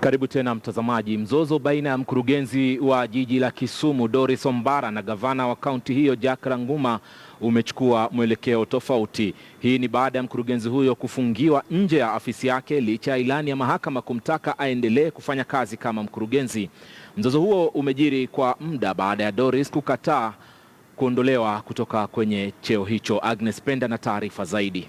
Karibu tena mtazamaji. Mzozo baina ya mkurugenzi wa jiji la Kisumu Doris Ombara na gavana wa kaunti hiyo Jack Ranguma umechukua mwelekeo tofauti. Hii ni baada ya mkurugenzi huyo kufungiwa nje ya afisi yake licha ya ilani ya mahakama kumtaka aendelee kufanya kazi kama mkurugenzi. Mzozo huo umejiri kwa muda baada ya Doris kukataa kuondolewa kutoka kwenye cheo hicho. Agnes Penda na taarifa zaidi.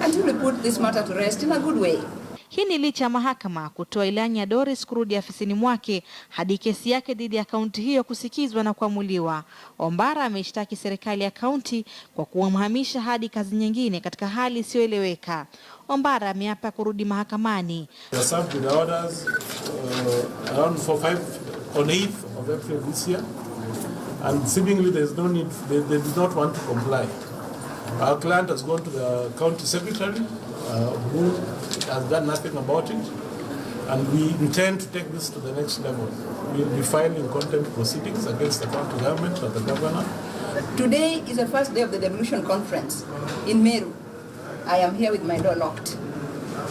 until we put this matter to rest in a good way. Hii ni licha ya mahakama kutoa ilani ya Doris kurudi afisini mwake hadi kesi yake dhidi ya kaunti hiyo kusikizwa na kuamuliwa. Ombara ameshtaki serikali ya kaunti kwa kumhamisha hadi kazi nyingine katika hali isiyoeleweka. Ombara ameapa kurudi mahakamani. Our client has gone to the county secretary, uh, who has done nothing about it, and we intend to take this to the next level. We'll be filing contempt proceedings against the county government or the governor. Today is the first day of the devolution conference in Meru. I am here with my door locked.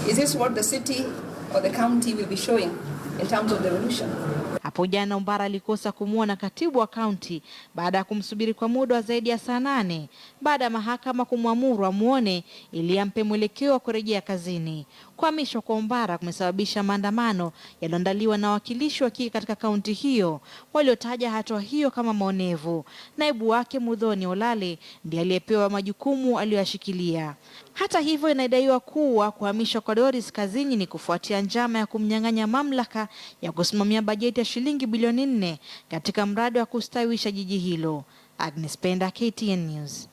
Is this what the city or the county will be showing in terms of devolution? Hapo jana Umbara alikosa kumwona katibu wa kaunti baada ya kumsubiri kwa muda wa zaidi ya saa nane baada ya mahakama kumwamuru amwone ili ampe mwelekeo wa kurejea kazini. Kuhamishwa kwa Umbara kumesababisha maandamano yaliyoandaliwa na wawakilishi wa kike katika kaunti hiyo waliotaja hatua hiyo kama maonevu. Naibu wake Mudhoni Olale ndiye aliyepewa majukumu aliyoyashikilia. Hata hivyo, inadaiwa kuwa kuhamishwa kwa Doris kazini ni kufuatia njama ya kumnyang'anya mamlaka ya kusimamia bajeti ya shilingi bilioni nne katika mradi wa kustawisha jiji hilo. Agnes Penda, KTN News.